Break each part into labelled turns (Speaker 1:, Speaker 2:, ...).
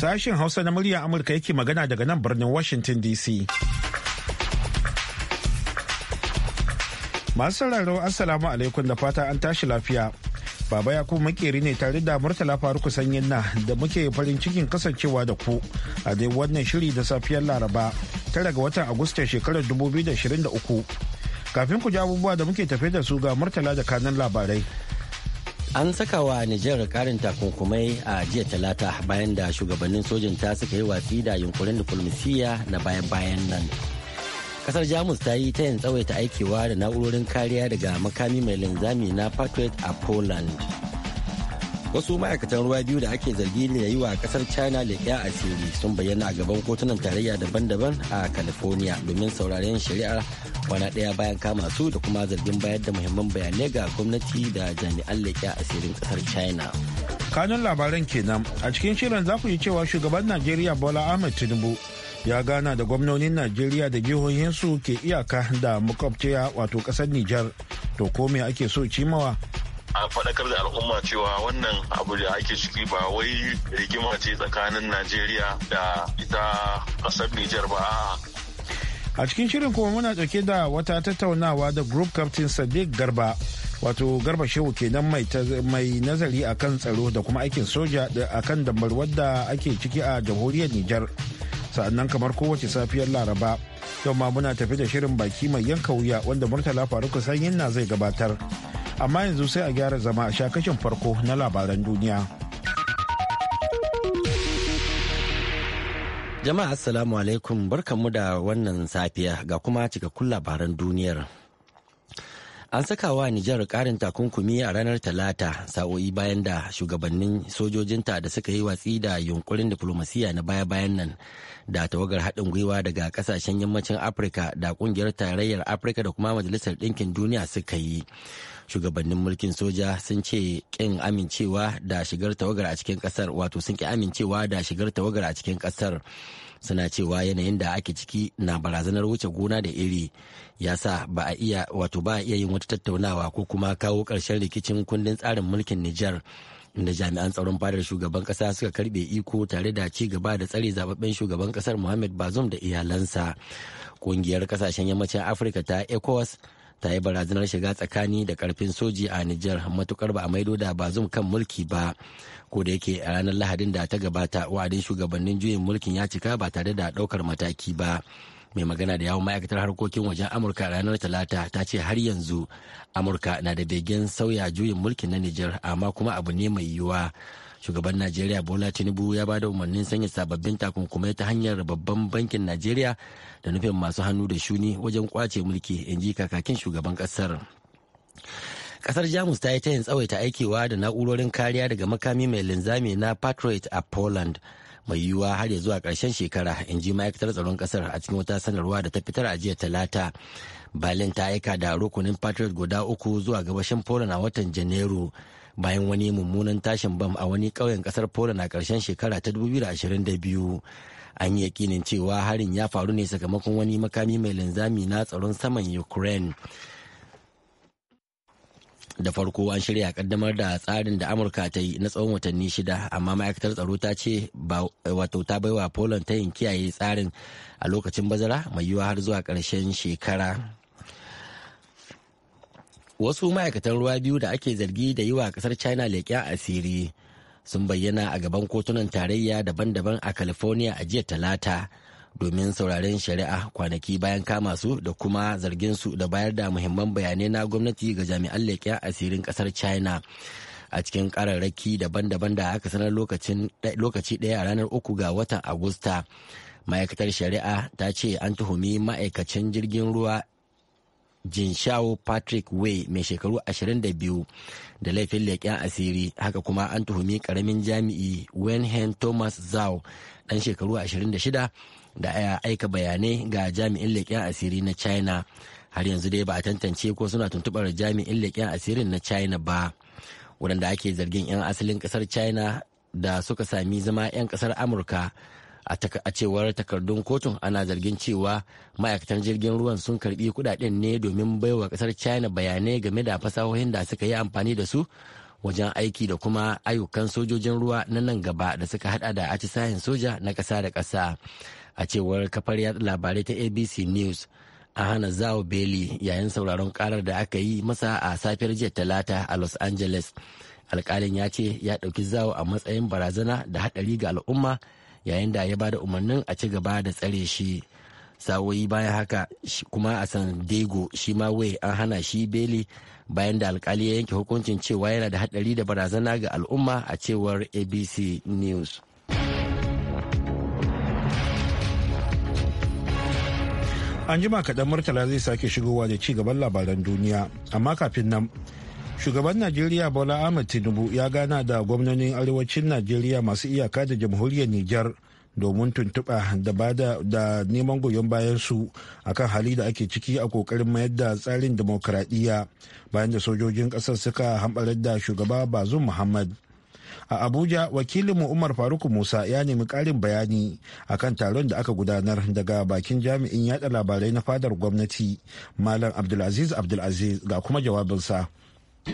Speaker 1: Sashen Hausa na muryar Amurka yake magana daga nan birnin Washington DC. Masu sauraro Assalamu alaikum da fata an tashi lafiya. Baba ya kuma makeri ne tare da Murtala Faruku kusan na da muke farin cikin kasancewa da ku a dai wannan shiri da safiyar Laraba tara ga watan Agusta shekarar 2023. Kafin ku ji abubuwa da muke tafe da su ga Murtala da kanan
Speaker 2: labarai. An saka wa Nijar karin takunkumai a jiya talata bayan da shugabannin sojin ta suka yi watsi da yunkurin diflomasiyya na bayan-bayan nan. Kasar Jamus ta yi ta yin tsawaita aikewa da na'urorin kariya daga makami mai linzami na Patriot a Poland. wasu ma'aikatan ruwa biyu da ake zargi da yi wa kasar china a asiri sun bayyana a gaban kotunan tarayya daban-daban a california domin sauraren shari'ar kwana ɗaya bayan kama su da kuma zargin bayar da muhimman bayanai ga gwamnati da jami'an a asirin kasar china
Speaker 1: kanun labaran kenan a cikin shirin za ku yi cewa shugaban najeriya bola ahmed tinubu ya gana da gwamnonin najeriya da jihohinsu ke iyaka da makwabciya wato kasar nijar to ko me ake so cimawa
Speaker 3: a faɗakar da al'umma cewa wannan abu da ake ciki ba wai rigima ce tsakanin najeriya da ita ƙasar nijar ba
Speaker 1: a cikin shirin kuma muna ɗauke da wata tattaunawa da group captain sadiq garba wato garba shehu kenan mai mai nazari kan tsaro da kuma aikin soja a kan dambarwar da ake ciki a jamhuriyar Nijar sa'annan kamar kowace safiyar Laraba yau ma muna tafi da shirin baki mai yanka wuya wanda Murtala Faruk Sanyin na zai gabatar amma yanzu sai a gyara zama a shakashin farko na labaran duniya.
Speaker 2: Jama'a Assalamu alaikum barkanmu da wannan safiya ga kuma cikakkun labaran duniyar. An saka wa Nijar karin takunkumi a ranar Talata sa'o'i bayan da shugabannin sojojinta da suka yi watsi da yunkurin diplomasiya na baya-bayan nan da tawagar haɗin gwiwa daga ƙasashen yammacin Afirka da ƙungiyar tarayyar Afirka da kuma Majalisar Ɗinkin Duniya suka yi. shugabannin mulkin soja sun ce kin amincewa da shigar tawagar a cikin kasar wato sun ki amincewa da shigar tawagar a cikin kasar suna cewa yanayin da ake ciki na barazanar wuce gona da iri ya sa ba a iya wato ba a iya yin wata tattaunawa ko kuma kawo ƙarshen rikicin kundin tsarin mulkin Nijar inda jami'an tsaron fadar shugaban kasa suka karbe iko tare da ci gaba da tsare zababben shugaban kasar Muhammad Bazoum da iyalansa. ƙungiyar kasashen yammacin Afirka ta ECOWAS ta yi barazanar shiga tsakani da karfin soji a Nijar matukar ba a maido da bazum kan mulki ba ko da yake a ranar Lahadin da ta gabata wa'adin shugabannin juyin mulkin ya cika ba tare da daukar mataki ba. mai magana da yawon ma'aikatar harkokin wajen amurka ranar talata ta ce har yanzu amurka na da begen sauya juyin mulkin na nijar amma kuma abu ne mai yiwuwa shugaban najeriya bola tinubu ya ba da umarnin sanya sababbin takunkumai ta hanyar babban bankin najeriya da nufin masu hannu da shuni wajen kwace mulki in ji kakakin shugaban kasar kasar jamus ta yi ta yin tsawaita aikewa da na'urorin kariya daga makami mai linzami na patriot a poland mai yiwuwa har ya zuwa karshen shekara in ji ma'aikatar tsaron kasar a cikin wata sanarwa da ta fitar a jiya talata berlin ta aika da rukunin patriot guda uku zuwa gabashin poland a watan janairu bayan wani mummunan tashin bam a wani ƙauyen ƙasar poland a ƙarshen shekara ta 2022 an yi yakinin cewa harin ya faru ne sakamakon wani makami mai linzami na tsaron saman ukraine da farko an shirya kaddamar da tsarin da amurka ta yi na tsawon watanni shida amma ma'aikatar tsaro ta ce wato ta baiwa poland ta yin kiyaye tsarin a lokacin bazara mai yiwuwa har zuwa ƙarshen shekara wasu ma'aikatan ruwa biyu da ake zargi da yi wa kasar china leƙen asiri sun bayyana a gaban kotunan tarayya daban-daban a california a jiya talata domin sauraren shari'a kwanaki bayan kama su da kuma zargin su da bayar da muhimman bayanai na gwamnati ga jami'an leƙen asirin kasar china a cikin kararraki daban-daban da aka sanar lokaci ɗaya a ranar uku ga watan agusta ma'aikatar shari'a ta ce an tuhumi ma'aikacin jirgin ruwa Jinshawo Patrick Way mai shekaru 22 da laifin leƙen asiri haka kuma an tuhumi ƙaramin jami'i Wenhen Thomas Zhao ɗan shekaru 26 da aya aika bayanai ga jami'in leƙen asiri na China har yanzu dai ba a tantance ko suna tuntuɓar jami'in leƙen asirin na China ba waɗanda ake zargin 'yan asalin ƙasar China da suka sami zama 'yan ƙasar Amurka a cewar takardun kotun ana zargin cewa ma'aikatan jirgin ruwan sun karbi kudaden ne domin baiwa kasar china bayanai game da fasahohin da suka yi amfani da su wajen aiki da kuma ayyukan sojojin ruwa na nan gaba da suka hada da atisayen soja na kasa da kasa a cewar kafar labarai ta abc news a hana zao bailey yayin sauraron karar da aka yi masa a safiyar jiya talata a los angeles alkalin ya ce ya dauki zao a matsayin barazana da haɗari ga al'umma yayin da ya bada umarnin a ci gaba da tsare shi sa'o'i bayan haka kuma a san dego shi ma wai an hana shi beli bayan da alkali ya yanke hukuncin cewa yana da hadari da barazana ga al'umma a cewar abc news an
Speaker 1: jima kaɗan murtala zai sake shigowa da ci gaban labaran duniya amma kafin nan shugaban najeriya bola ahmed tinubu ya gana da gwamnonin arewacin najeriya masu iyaka da jamhuriyar niger domin tuntuɓa da bada da neman goyon bayan su akan hali da ake ciki a kokarin mayar da tsarin demokradiyya bayan da sojojin ƙasar suka hambarar da shugaba bazum muhammad a abuja wakilin mu umar faruk musa ya nemi ƙarin bayani akan taron da aka gudanar daga bakin jami'in yada labarai na fadar gwamnati malam abdulaziz abdulaziz ga kuma jawabinsa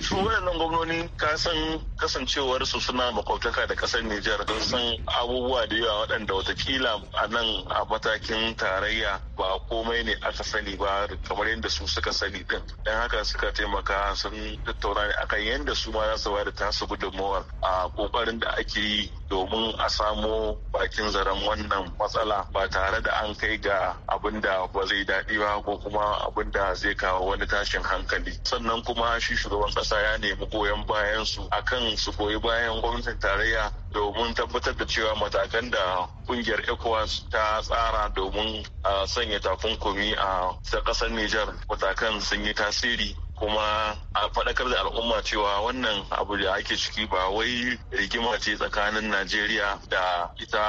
Speaker 3: su waɗannan gwamnoni kasan kasancewar su suna makwabtaka da kasar Nijar don san abubuwa da yawa waɗanda watakila a nan a matakin tarayya ba komai ne aka sani ba kamar yadda su suka sani din don haka suka taimaka sun tattauna ne akan yadda su ma za su ba da tasu gudunmawar a kokarin da ake yi domin a samo bakin zaren wannan matsala ba tare da an kai ga abin da ba zai daɗi ba ko kuma abin da zai kawo wani tashin hankali sannan kuma shi shugaban kasa ya nemi goyon bayan su akan su goyi bayan gwamnatin tarayya domin tabbatar da cewa matakan da kungiyar ECOWAS ta tsara domin a sanya takunkumi a ta ƙasar Nijar matakan sun yi tasiri kuma a faɗakar da al'umma cewa wannan abu da ake ciki ba wai rigima ce tsakanin Najeriya da ita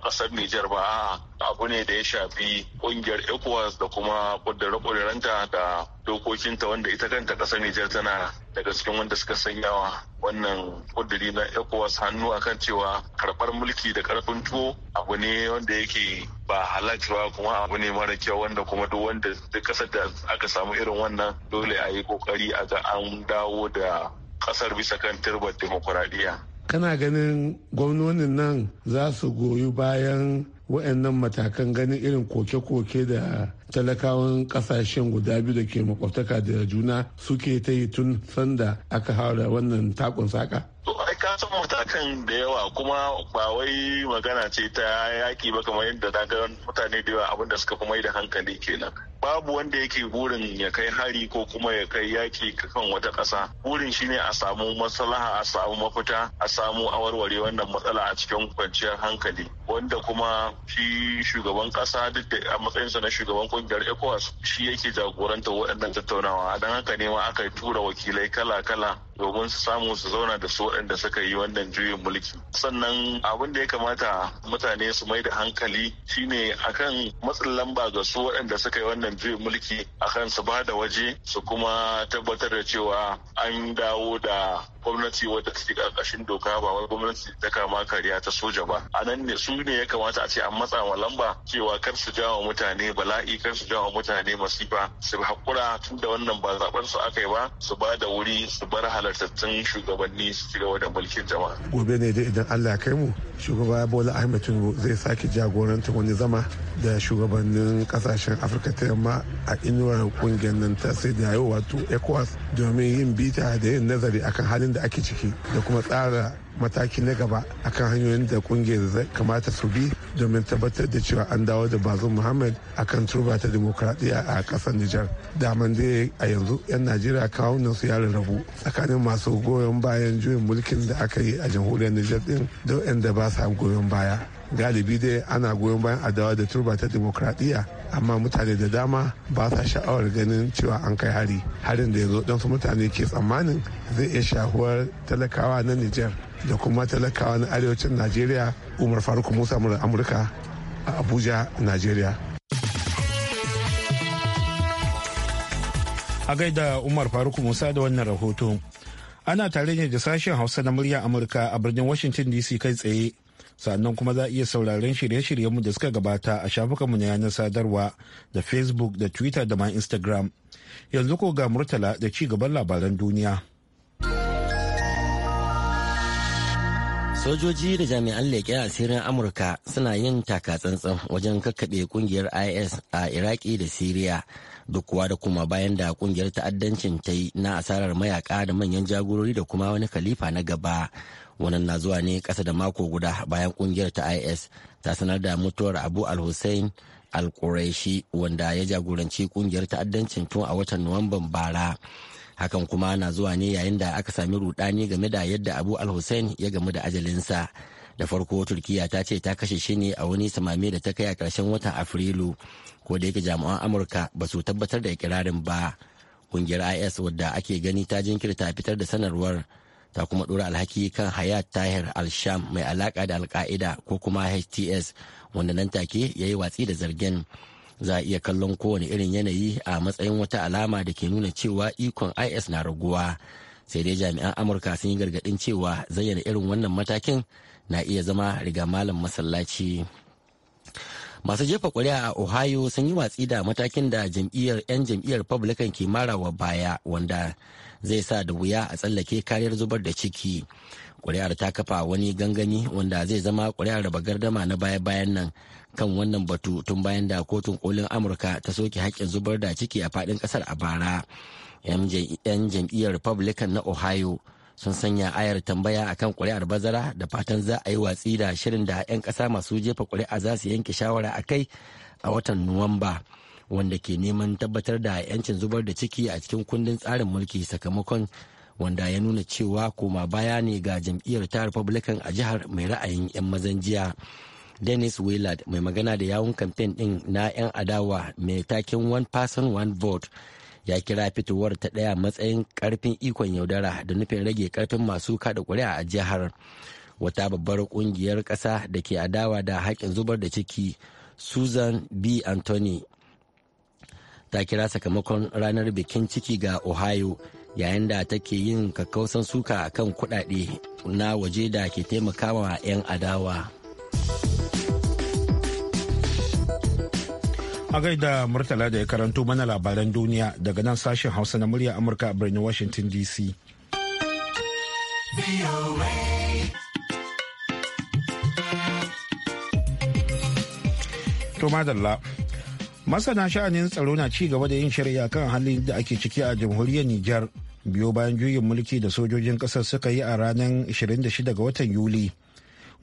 Speaker 3: ƙasar Nijar ba abu ne da ya shafi kungiyar ecowas da kuma kudurarta da dokokinta wanda ita kanta kasar nijar tana daga cikin wanda suka wa wannan kuduri na ecowas hannu akan cewa karbar mulki da karfin tuwo abu ne wanda yake ba halarciwa ba kuma abu ne mara kyau wanda kuma duk wanda duk kasar da aka samu irin wannan dole a yi kokari a ga an dawo da kasar bisa kan turbar demokuraɗiyya
Speaker 4: kana ganin gwamnonin nan za su goyi bayan waɗannan matakan ganin irin koke-koke da talakawan kasashen guda biyu da ke makwabtaka da juna suke ta yi tun sanda aka haura wannan takun saka? ka san matakan da yawa kuma ba wai magana
Speaker 3: ce ta yaki ba kamar yadda ta ga mutane da yawa abin da suka fi yi da hankali kenan babu wanda yake burin ya kai hari ko kuma ya kai yaki kan wata kasa burin shine a samu maslaha a samu mafita a samu awarware wannan matsala a cikin kwanciyar hankali wanda kuma shi shugaban ƙasa duk da a matsayinsa na shugaban kungiyar ecowas shi yake jagoranta waɗannan tattaunawa don haka ne ma aka tura wakilai kala-kala domin su samu su zauna da su waɗanda suka suka yi wannan juyin mulki sannan abin da ya kamata mutane su mai da hankali shine akan matsin lamba ga su waɗanda suka yi wannan juyin mulki akan su ba da waje su kuma tabbatar da cewa an dawo da gwamnati wadda take karkashin doka ba wai gwamnati ta kama kariya ta soja ba a nan ne su ne ya kamata a ce an matsa wa lamba cewa kar su jawo mutane bala'i kar su jawo mutane masifa su hakura tun da wannan ba zaben su aka yi ba su ba da wuri su bar halartattun shugabanni su ci gaba da mulkin jama'a
Speaker 4: gobe ne dai idan Allah ya kai mu shugaba Bola Ahmed Tinubu zai sake jagorantar wani zama da shugabannin kasashen Afirka ta yamma a inuwar kungiyar nan ta sai da yau wato ECOWAS domin yin bita da yin nazari akan halin da ake ciki da kuma tsara mataki na gaba akan hanyoyin da kungiyar kamata su bi domin tabbatar da cewa an dawo da bazum muhammad akan turba ta demokradiyya a kasar nijar daman dai a yanzu yan najeriya kawunan su ya rarrabu tsakanin masu goyon bayan juyin mulkin da aka yi a jamhuriyar nijar din da yan da ba sa goyon baya galibi dai ana goyon bayan adawa da turba ta demokradiyya amma mutane da dama ba sa sha'awar ganin cewa an kai hari harin da ya zo don su mutane ke tsammanin zai iya shahuwar talakawa na niger da kuma talakawa na arewacin najeriya umar faruk musa murar amurka a abuja najeriya a gaida umar faruk musa da wannan rahoto
Speaker 1: ana tare ne da sashen hausa na murya amurka a birnin washington dc kai tsaye sannan kuma za a iya sauraron shirye-shiryenmu da suka gabata a shafukanmu na yanar sadarwa da facebook da twitter da ma instagram yanzu ko ga murtala da ci gaban labaran duniya
Speaker 2: sojoji da jami'an a asirin amurka suna yin takatsantsan wajen kakkaɓe kungiyar is a iraki da siriya duk kuwa da kuma bayan da kungiyar ta'addancin ta yi na asarar mayaka da manyan jagorori da kuma wani khalifa na gaba wannan na zuwa ne kasa da mako guda bayan kungiyar ta is ta sanar da mutuwar abu al-hussein al-quraishi wanda ya jagoranci kungiyar ta'addancin tun a watan nuwamban bara hakan kuma na zuwa ne yayin da aka sami rudani game da yadda abu al-hussein ya gamu da ajalinsa da farko turkiya ta ce ta kashe shi ne a wani samami da ta kai a ƙarshen watan afrilu ko da yake jami'an amurka ba su tabbatar da ikirarin ba kungiyar is wadda ake gani ta jinkirta fitar da sanarwar ta kuma dora alhaki kan hayat tahir al-sham mai alaka da alka'ida ko kuma hts wanda nan take ya yi watsi da zargin za a iya kallon kowane irin yanayi a matsayin wata alama da ke nuna cewa ikon is na raguwa sai dai jami'an amurka sun yi gargadin cewa zayyana irin wannan matakin na iya zama riga malam masallaci masu jefa kuri'a a ohio sun yi watsi da matakin da jam'iyyar 'yan jam'iyyar republican ke marawa baya wanda zai sa da wuya a tsallake kariyar zubar da ciki kuri'ar ta kafa wani gangani wanda zai zama kuri'ar raba gardama na baya-bayan nan kan wannan batu tun bayan da kotun kolin amurka ta soke haƙƙin zubar da ciki a faɗin ƙasar a bara 'yan jam'iyyar republican na ohio sun sanya ayar tambaya akan kuri'ar bazara da fatan za a yi watsi da shirin da 'yan ƙasa masu jefa kuri'a za su yanke shawara a kai a watan nuwamba wanda ke neman tabbatar da 'yancin zubar da ciki a cikin kundin tsarin mulki sakamakon wanda ya nuna cewa koma baya ne ga jam'iyyar ta republican a jihar mai ra'ayin 'yan mazan jiya dennis willard mai magana da yawun kamfen din na 'yan adawa mai takin one person one vote ya kira fitowar ta ɗaya matsayin ƙarfin ikon yaudara da nufin rage ƙarfin masu kada kuri'a a jihar wata babbar ƙungiyar ƙasa da ke adawa da haƙƙin zubar da ciki susan b anthony ta kira sakamakon ranar bikin ciki ga ohio yayin da take yin kakkausan suka kan kuɗaɗe na waje da ke taimakawa 'yan adawa. A gaida Murtala da ya karanto
Speaker 1: mana labaran duniya daga nan sashen Hausa na murya Amurka a birnin Washington DC. To madalla. Masana sha'anin tsaro na ci gaba da yin shari'a kan halin da ake ciki a jamhuriyar Nijar biyo bayan juyin mulki da sojojin ƙasar suka yi a ranar 26 ga watan Yuli.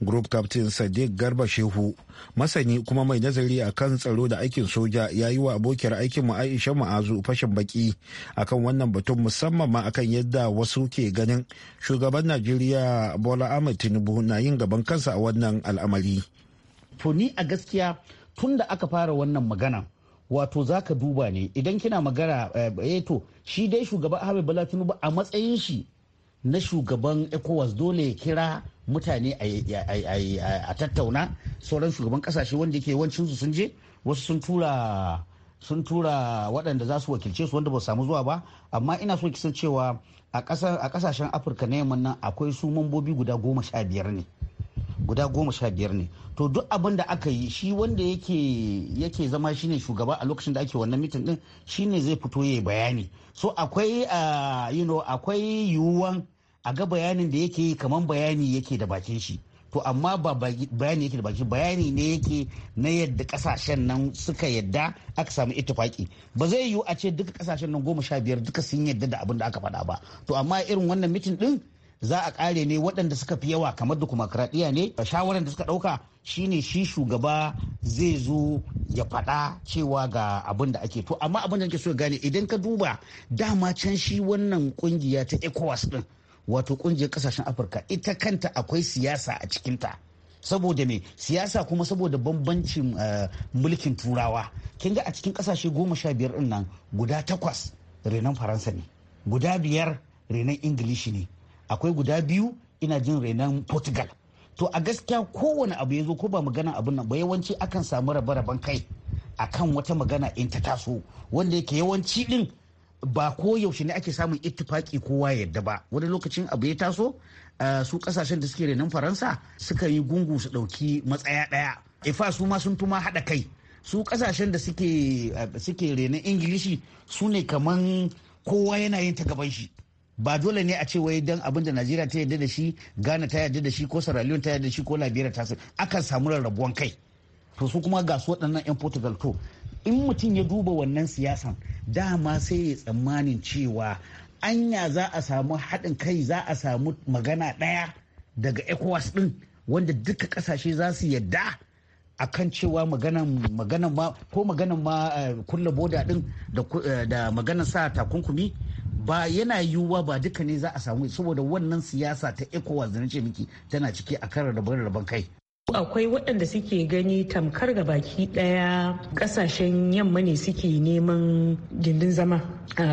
Speaker 1: group captain sadiq garba shehu masani kuma mai nazari a kan tsaro da aikin soja ya yi wa abokiyar aikinmu aisha ma'azu fashin baki akan wannan batun musamman ma akan yadda wasu ke ganin shugaban najeriya bola ahmed tinubu na yin gaban kansa a wannan al'amari
Speaker 5: to ni a gaskiya tun da aka fara wannan magana wato za ka duba ne idan kina magana eh, eh to shi dai shugaban ahmed bola tinubu a matsayin shi na shugaban ecowas dole ya kira mutane a tattauna sauran shugaban kasashe wanda ke wancinsu sun je wasu sun tura sun tura waɗanda za su wakilce su wanda ba samu zuwa ba amma ina so kisan cewa a ƙasashen afirka na yamman nan akwai su mambobi guda goma sha biyar ne guda goma sha biyar ne to duk abin da aka yi shi wanda yake yake zama shine shugaba a lokacin da ake wannan mitin din shine zai fito yayi bayani so akwai ah, akwai yiwuwan a ga bayanin da yake yi kamar bayani yake da bakin shi to amma ba bayani yake da baki bayani ne yake na yadda kasashen nan suka yadda aka samu ittifaki ba zai yiwu a ce duka kasashen nan goma sha biyar duka sun yadda da abin da aka faɗa ba to amma irin wannan mitin din za a kare ne waɗanda suka fi yawa kamar da dokumakuraɗiyya ne Shawaran da suka ɗauka shine shi shugaba zai zo ya faɗa cewa ga abin da ake to amma abin da ake so gane idan ka duba dama can shi wannan ƙungiya ta ecowas din wato kungiyar kasashen afirka ita kanta akwai siyasa a cikinta saboda me siyasa kuma saboda bambancin eh, mulkin turawa kin ga a cikin kasashe goma sha biyar din nan guda takwas renon faransa ne guda biyar renon ingilishi ne akwai guda biyu ina jin renon portugal to a gaskiya kowane abu ya zo ko ba magana abin nan ba yawanci akan samu rabe-raben kai akan wata magana in ta taso wanda yake yawanci din ba ko yaushe ne ake samun ittifaki kowa yadda ba wani lokacin abu ya taso su kasashen da suke renon faransa suka yi gungu su dauki matsaya ɗaya ifa su ma sun tuma haɗa kai su kasashen da suke renon ingilishi su ne kaman kowa yana yin ta gaban shi ba dole ne a ce wai don abin da najeriya ta yarda da shi ghana ta yarda da shi ko sierra leone ta yarda da shi ko liberia ta akan samu rarrabuwan kai to su kuma ga su waɗannan 'yan portugal to in mutum ya duba wannan siyasan dama sai ya tsammanin cewa anya za a samu haɗin kai za a samu magana ɗaya daga ecowas ɗin wanda duka ƙasashe za su yadda a kan cewa ko maganan ma eh, kulle boda ɗin eh, da maganan sa takunkumi ba yana yiwuwa ba duka ne za a samu saboda wannan siyasa ta ecowas da na ce miki tana ciki a kan da rabon kai akwai waɗanda
Speaker 6: suke gani tamkar ga baki ɗaya ƙasashen yamma ne suke neman gindin zama a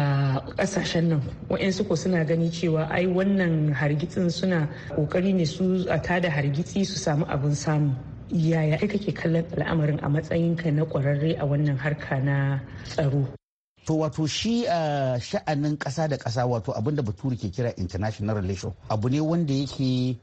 Speaker 6: ƙasashen nan waɗansu ko suna gani cewa ai wannan hargitsin suna ƙoƙari ne su a tada hargitsi su samu abin samu yaya kai kake kallon al'amarin a matsayinka na ƙwararre a wannan harka na tsaro
Speaker 5: To wato shi a sha'anin ƙasa da ƙasa wato abinda bature ke kira international relation abu ne wanda yake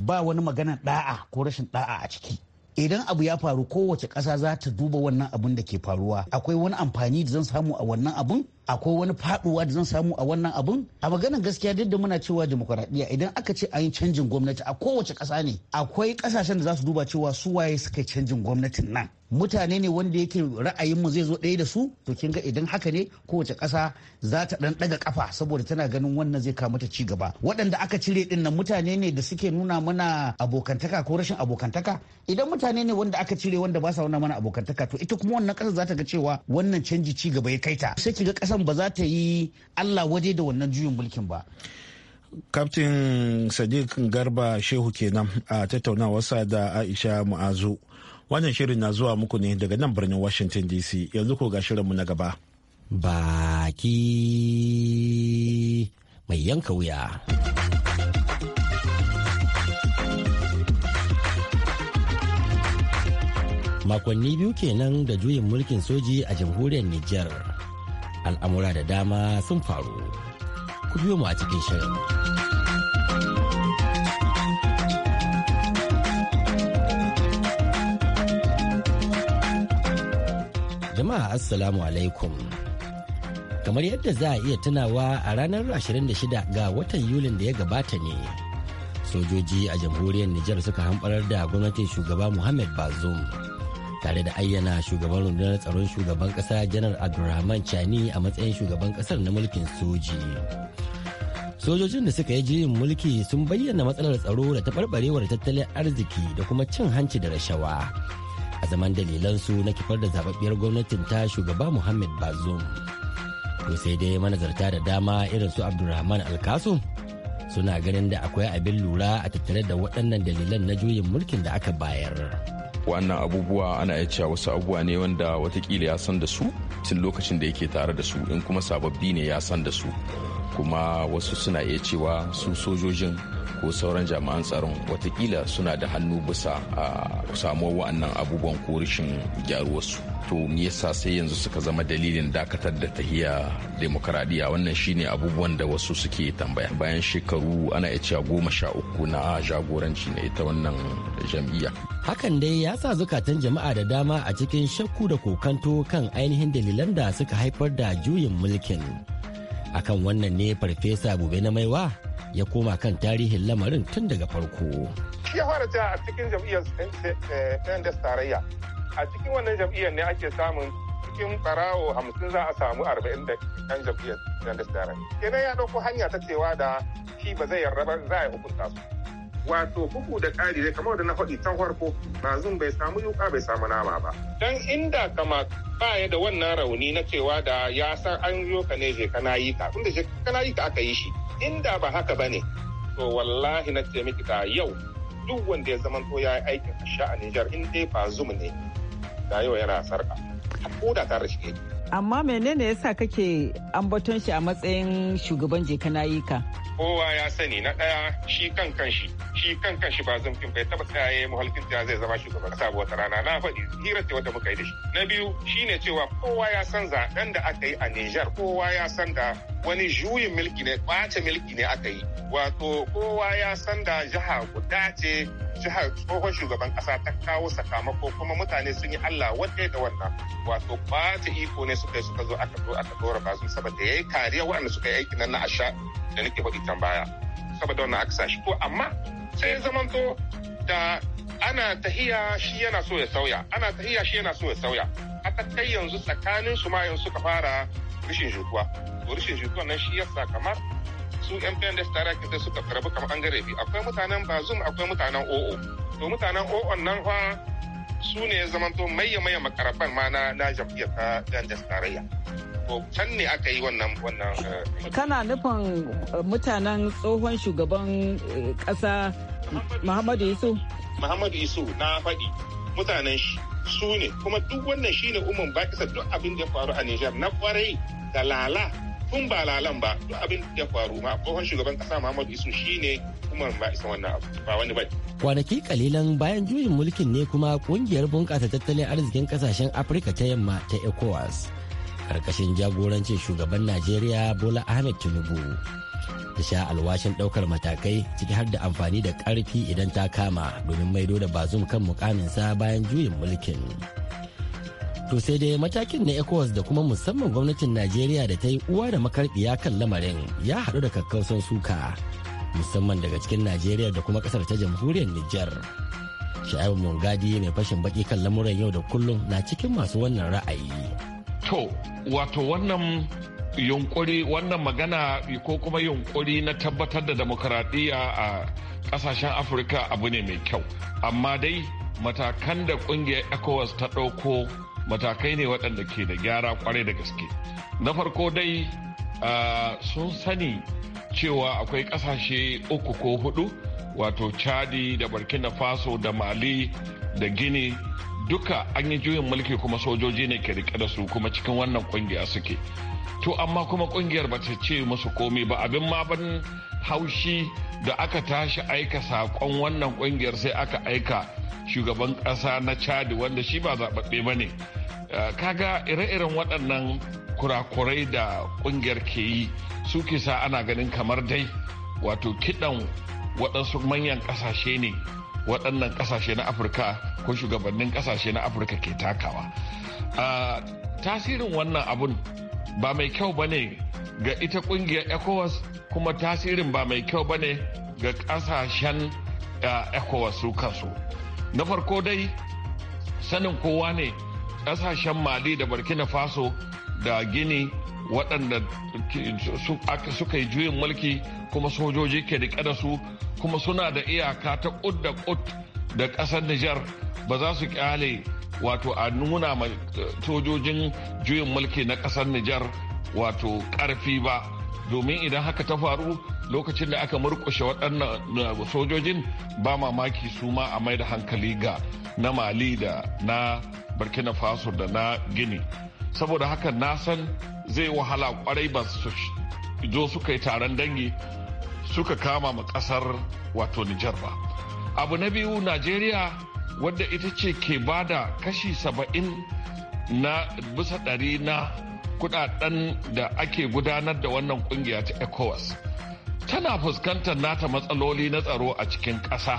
Speaker 5: ba wani magana da'a ko rashin da'a a ciki idan abu ya faru kowace ƙasa za ta duba wannan abun da ke faruwa akwai wani amfani da zan samu a wannan abun akwai wani faduwa da zan samu a wannan abun a maganar gaskiya duk da muna cewa demokuraɗiyya idan aka ce an yi canjin gwamnati a kowace ƙasa ne akwai ƙasashen da za su duba cewa su waye suka canjin gwamnatin nan mutane ne wanda yake ra'ayinmu zai zo ɗaya da su to kin ga idan haka ne kowace ƙasa za ta ɗan ɗaga ƙafa saboda tana ganin wannan zai kawo mata gaba waɗanda aka cire ɗin nan mutane ne da suke nuna mana abokantaka ko rashin abokantaka idan mutane ne wanda aka cire wanda ba sa nuna mana abokantaka to ita kuma wannan ƙasa za ta ga cewa wannan canji cigaba ya kai ta sai ki ga ƙasa kasan ba za ta yi allah waje da wannan juyin mulkin ba
Speaker 1: kaftin sadiq garba shehu kenan a tattaunawarsa da aisha mu'azu wannan shirin na zuwa muku ne daga nan birnin washington dc yanzu ko ga shirinmu na gaba
Speaker 2: baki mai yanka wuya makonni biyu kenan da juyin mulkin soji a jamhuriyar nijar al'amura da dama sun faru ku biyo mu a cikin shirin jama'a assalamu alaikum kamar yadda za a iya tunawa a ranar 26 ga watan yulin da ya gabata ne sojoji a jamhuriyar nijar suka hamɓarar da gwamnatin shugaba muhammad bazoum tare da ayyana shugaban rundunar tsaron shugaban kasa janar abdulrahman chani a matsayin shugaban kasar na mulkin soji sojojin da suka yi jirin mulki sun bayyana matsalar tsaro da taɓarɓarewar tattalin arziki da kuma cin hanci da rashawa a zaman dalilansu na kifar da zababbiyar gwamnatin ta shugaba muhammad bazoum to sai dai manazarta da dama irin su abdulrahman alkasum suna ganin da akwai abin lura a tattare da waɗannan dalilan na juyin mulkin da aka bayar.
Speaker 6: wannan abubuwa ana iya cewa wasu abubuwa ne wanda watakila ya san da su tun lokacin da yake tare da su in kuma sababbi ne ya san da su kuma wasu suna iya cewa su sojojin ko sauran jami'an tsaron watakila suna da hannu bisa a samuwar wa'annan abubuwan ko rashin gyaruwarsu to me yasa sai yanzu suka zama dalilin dakatar da tahiya demokaradiyya wannan shine abubuwan da wasu suke tambaya bayan shekaru ana iya cewa goma sha uku na jagoranci na ita wannan jam'iyya
Speaker 2: hakan dai ya sa zukatan jama'a da dama a cikin shakku da kokanto kan ainihin dalilan da suka haifar da juyin mulkin akan wannan ne farfesa gobe na maiwa ya koma kan tarihin lamarin tun daga farko.
Speaker 7: Shi ya fara cewa a cikin jam'iyyar NDS eh, tarayya. A cikin wannan jam'iyyar ne ake samun cikin barawo hamsin za a samu arba'in da yan jam'iyyar NDS tarayya. Kenan ya ɗauko hanya ta cewa da shi ba zai yarda ba za a hukunta su. Wato bugu da ƙari ne kamar da na faɗi can farko mazun bai samu yuka bai samu nama ba. Dan inda kama ba ya da wannan rauni na cewa da ya san an yi ka ne je kana yi ka tunda je kana yi ka aka yi shi. inda ba haka ba ne to wallahi na ce miki da yau duk wanda ya zama to ya yi aikin a a Nijar in dai ba zum ne da yau yana sarka ko da ta rashe
Speaker 5: amma menene yasa kake ambaton shi a matsayin shugaban je ka
Speaker 7: kowa ya sani na ɗaya shi kan kanshi shi kan kanshi ba zamfin bai taba tsaye yayin muhalkin ta zai zama shugaban kasa ba wata rana na faɗi hira ce wata muka yi da shi na biyu shine cewa kowa ya san zaben da aka yi a Niger kowa ya san da wani juyin milki ne ɓace milki ne aka yi wato kowa ya san da jiha guda ce jihar tsohon shugaban kasa ta kawo sakamako kuma mutane sun yi Allah wadda da wannan wato ɓace iko ne suka yi suka zo aka zo aka dora basu saboda yayi kariya waɗanda suka yi aikin nan na asha da nake faɗi tambaya baya saboda wannan aka sashi to amma sai ya zamanto da ana tahiya shi yana so ya sauya ana tahiya shi yana so ya sauya haka kai yanzu tsakanin su ma yanzu suka fara rishin jituwa to rishin jituwa nan shi yasa kamar su yan pendes tare kinta suka rabu kamar an gare akwai mutanen bazum akwai mutanen o'o to mutanen oo nan fa su ne ya zamanto maya maya makarafan ma na na jam'iyyar ta dandas tarayya to can ne aka yi wannan wannan eh,
Speaker 5: kana nufin eh, mutanen tsohon shugaban kasa eh, muhammadu isu
Speaker 7: muhammadu isu na faɗi mutanen shi su ne kuma duk wannan shine umar bakisar duk abin da ya faru a nijar na kwarai da lala tun ba lalan ba duk abin da ya faru ma tsohon shugaban kasa Muhammadu Isu shine kuma ba isa wannan abu ba wani ba
Speaker 2: kwanaki kalilan bayan juyin mulkin ne kuma kungiyar bunƙasa tattalin arzikin kasashen Afirka ta yamma ta ECOWAS karkashin jagorancin shugaban Najeriya Bola Ahmed Tinubu ta sha alwashin ɗaukar matakai ciki har da amfani da ƙarfi idan ta kama domin maido da bazum kan mukaminsa bayan juyin mulkin to sai dai matakin na ecowas da kuma musamman gwamnatin najeriya da ta yi uwa da makarbiya kan lamarin ya haɗu da kakkausan suka musamman daga cikin najeriya da kuma kasar ta jamhuriyar nijar sha'ibu mungadi mai fashin baki kan lamuran yau da kullum na cikin masu wannan ra'ayi
Speaker 8: to wato wannan yunkuri wannan magana ko kuma yunkuri na tabbatar da demokaradiyya a kasashen afirka abu ne mai kyau amma dai matakan da ƙungiyar ecowas ta ɗauko matakai ne waɗanda ke da gyara kwarai da gaske na farko dai sun sani cewa akwai ƙasashe uku ko hudu wato chadi da burkina faso da mali da gini duka an yi juyin mulki kuma sojoji ne ke rike da su kuma cikin wannan kungiya suke to amma kuma kungiyar ba ta ce musu komai ba abin ma ban haushi da aka tashi aika sakon wannan kungiyar sai aka aika shugaban kasa na chad wanda shi ba zababbe ba ne eh, kaga ire-iren waɗannan kurakurai da kungiyar ke yi su kisa ana ganin kamar dai wato kiɗan waɗansu manyan ƙasashe ne waɗannan ƙasashe na afirka ko shugabannin ƙasashe na afirka ke takawa tasirin wannan abun ba mai kyau ba ne ga ita ƙungiyar ecowas kuma tasirin ba mai kyau ba ne ga ƙasashen ecowas su kansu na farko dai sanin kowa ne ƙasashen mali da burkina faso da gini waɗanda suka yi juyin mulki kuma sojoji ke riƙe da su kuma suna da iyaka ta ƙud da ƙud da ƙasar Nijar ba za su ƙyale wato a nuna ma eh, sojojin juyin mulki na ƙasar Nijar wato ƙarfi ba domin idan haka ta faru lokacin da aka murƙushe waɗannan eh, sojojin ba mamaki su ma a mai da hankali ga na Mali da na Burkina Faso da na Gini. Saboda haka na san zai wahala kwarai ba su zo suka yi taron dangi suka kama ma kasar wato Nijar ba. Abu na biyu Najeriya wadda ita ce ke bada kashi saba'in na bisa ɗari na kudaden da ake gudanar da wannan kungiya ta ECOWAS. Tana fuskantar nata matsaloli na tsaro a cikin ƙasa.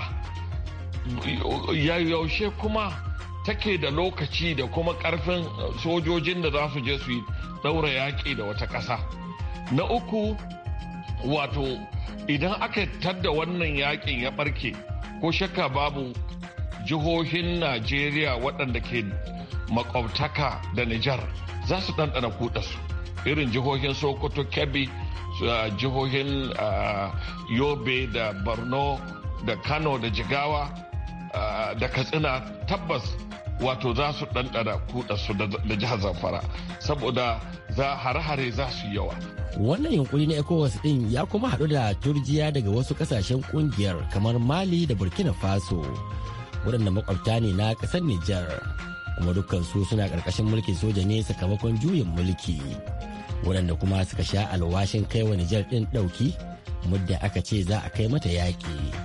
Speaker 8: Yaushe kuma take da lokaci da kuma karfin eh, sojojin da za su je su yi daura yaƙi da wata ƙasa na uku wato idan aka tadda wannan yaƙin ya ɓarke ko shakka babu jihohin najeriya waɗanda ke makwabtaka da nijar za su ɗanɗana su. irin jihohin sokoto kebbi eh, jihohin eh, yobe da borno da kano da jigawa Ah, da katsina tabbas wato za su ɗanɗana kudansu da jihar zamfara saboda za hare-hare za su yawa
Speaker 2: wannan yunkuri na ecowas din ya kuma haɗu da turjiya daga wasu ƙasashen ƙungiyar kamar mali da burkina faso waɗanda makwabta ne na ƙasar nijar kuma dukkansu suna ƙarƙashin mulkin soja ne sakamakon juyin mulki waɗanda kuma suka sha alwashin kai wa nijar ɗin ɗauki mudda aka ce za a kai mata yaƙi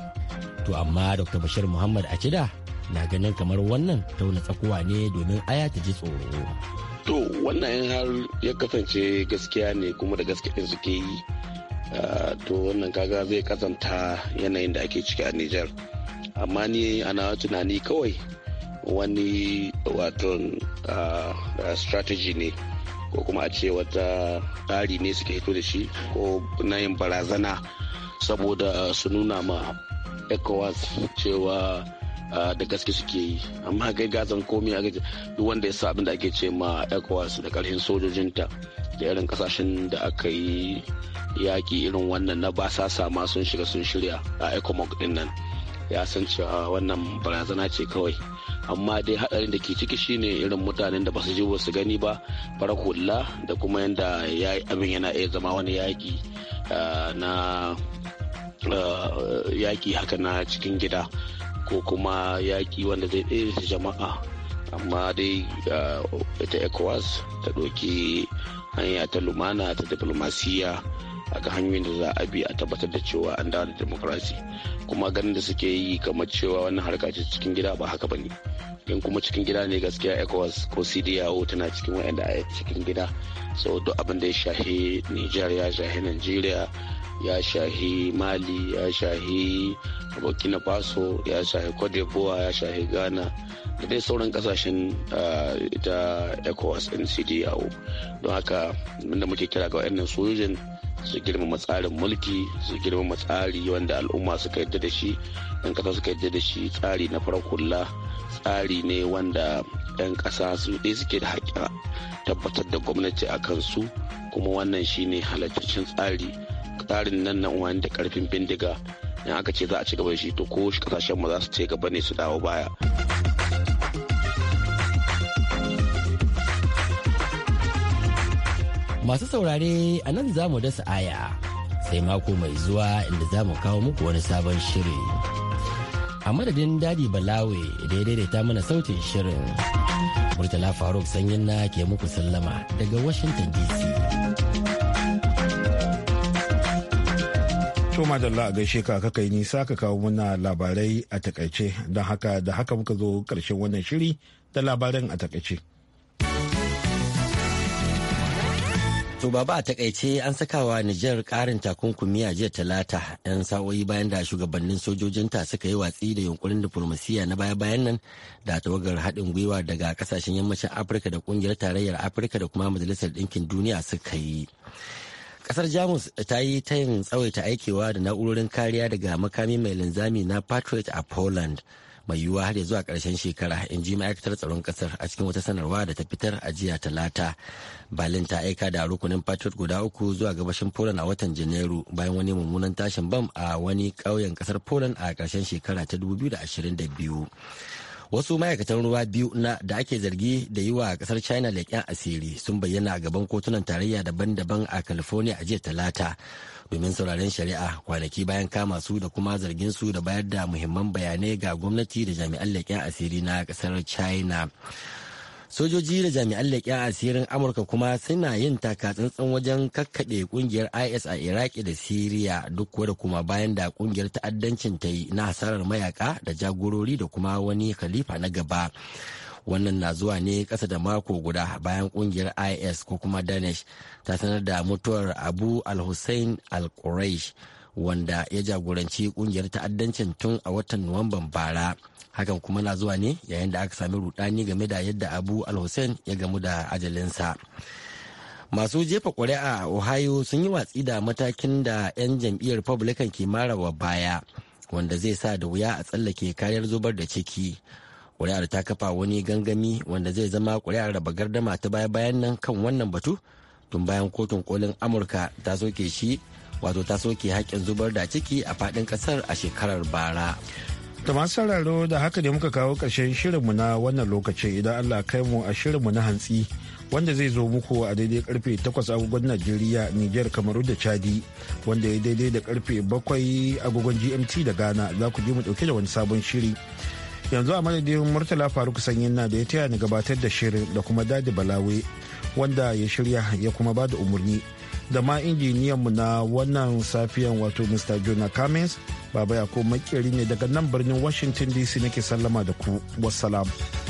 Speaker 2: to amma dr bashir muhammad a cida na ganin kamar wannan tauna tsakuwa ne domin aya ta ji tsoro
Speaker 6: to wannan har ya kasance gaskiya ne kuma da gaskiya suke yi to wannan kaga zai kazanta yanayin da ake ciki a nijar amma ni ana tunani kawai wani waton strategy ne ko kuma a ce wata tsari ne suke hito da shi ko na yin barazana saboda su nuna ma ecowas cewa ah, da gaske suke yi amma kai gazan komi a duk wanda ya sa abin da ake ce ma ecowas da karshen sojojinta da irin kasashen da aka yi yaƙi irin wannan na ba sa sama sun shiga sun shirya a ECOMOG din nan ya san cewa wannan barazana ce kawai amma dai hadarin da ke ciki shine irin mutanen da ba su ji ba su gani ba bara hula da kuma yadda abin yana iya zama wani yaƙi ah, na Eh, yaƙi haka na cikin gida ko kuma yaƙi wanda zai ɗaya jama'a amma dai eh, ita ecowas ta ɗauki hanya ta lumana ta diplomasiya a ga hanyoyin da za a bi a tabbatar da cewa an dawo da demokrasi kuma ganin da suke yi kamar cewa wannan harka ce cikin gida ba haka bane in kuma cikin gida ne gaskiya ecowas ko cdao tana cikin wa'anda a cikin gida so duk abin da ya shahi nijar ya shahi nigeria ya shahi mali ya shahi burkina faso ya shahi cote ya shahi ghana da dai sauran kasashen ah, ita ecowas ncdao don haka da muke kira ga wa'annan sojojin su girmama tsarin mulki su girmama tsari wanda al'umma suka yadda da shi yan kasa suka yadda da shi tsari na farkulla tsari ne wanda yan kasa su suke da haƙƙa tabbatar da gwamnati a kansu kuma wannan shine halattacin tsari tsarin nan na umarni da karfin bindiga in aka ce za a ci gaba da shi to ko kasashen mu za su ce gaba ne su dawo baya
Speaker 2: masu saurare a nan za mu dasa aya sai mako mai zuwa inda za mu kawo muku wani sabon shiri a madadin dadi balawe da ya daidaita mana sautin shirin murtala faruk sanyin na ke muku sallama daga washington dc Toma da la gaishe ka
Speaker 1: kaka yi nisa ka kawo muna labarai a takaice don haka da haka muka zo karshen wannan shiri
Speaker 2: da labaran a takaice. To baba a takaice an sakawa Nijar karin takunkumi a jiya talata yan sa'o'i bayan da shugabannin sojojin ta suka yi watsi da yunkurin diflomasiyya na baya-bayan nan da tawagar haɗin gwiwa daga kasashen yammacin Afirka da kungiyar tarayyar Afirka da kuma majalisar ɗinkin duniya suka yi. kasar jamus ta yi tayin tsawaita aikewa da na'urorin kariya daga makami mai linzami na patriot a poland mai yiwuwa har zuwa karshen shekara in ji ma'aikatar tsaron kasar a cikin wata sanarwa da ta fitar a jiya talata berlin ta aika da rukunin patriot guda uku zuwa gabashin poland a watan janairu bayan wani mummunan tashin bam a wani ƙauyen kasar poland a karshen shekara ta 2022 wasu ma'aikatan ruwa biyu na da ake zargi da yi wa kasar china leƙen asiri sun bayyana a gaban kotunan tarayya daban-daban a california a jiya talata domin sauraren shari'a kwanaki bayan kama su da kuma zargin su da bayar da muhimman bayanai ga gwamnati da jami'an leƙen asiri na kasar china sojoji da jami'an leƙen asirin amurka kuma suna yin taka takatsantsan wajen kakkaɗe ƙungiyar is a iraki da siriya duk da kuma bayan da ƙungiyar ta'addancin ta yi na hasarar mayaka da jagorori da kuma wani khalifa na gaba wannan na zuwa ne ƙasa da mako guda bayan ƙungiyar is ko kuma Danish ta sanar da mutuwar abu al-hussein al-quraish wanda ya jagoranci ƙungiyar ta'addancin tun a watan nuwamban bara hakan kuma na zuwa ne yayin da aka sami rudani game da yadda abu al ya gamu da ajalinsa masu jefa ƙuri'a a ohio sun yi watsi da matakin da 'yan jam'iyyar republican ke marawa baya wanda zai sa da wuya a tsallake kariyar zubar da ciki ƙuri'ar ta kafa wani gangami wanda zai zama ƙuri'ar raba gardama ta baya bayan nan kan wannan batu tun bayan kotun kolin amurka ta soke shi wato ta soke haƙƙin zubar da ciki a faɗin ƙasar a shekarar bara
Speaker 1: da masu sauraro da haka ne muka kawo ƙarshen shirinmu na wannan lokacin idan allah kai mu a shirinmu na hantsi wanda zai zo muku a daidai karfe 8 agogon Najeriya, niger kamar da Chadi wanda ya daidai da karfe 7 agogon GMT da Ghana za ku ji mu dauke da wani sabon shiri. Yanzu a madadin Murtala Faruk Sanyin na da ya taya ni gabatar da shirin da kuma Dadi Balawe wanda ya shirya ya kuma ba da umarni da ma mu na wannan safiyan wato Mr. Jonah Cummins Baba Yakubu makeri ne daga nan birnin Washington DC nake sallama da ku. Wassalam.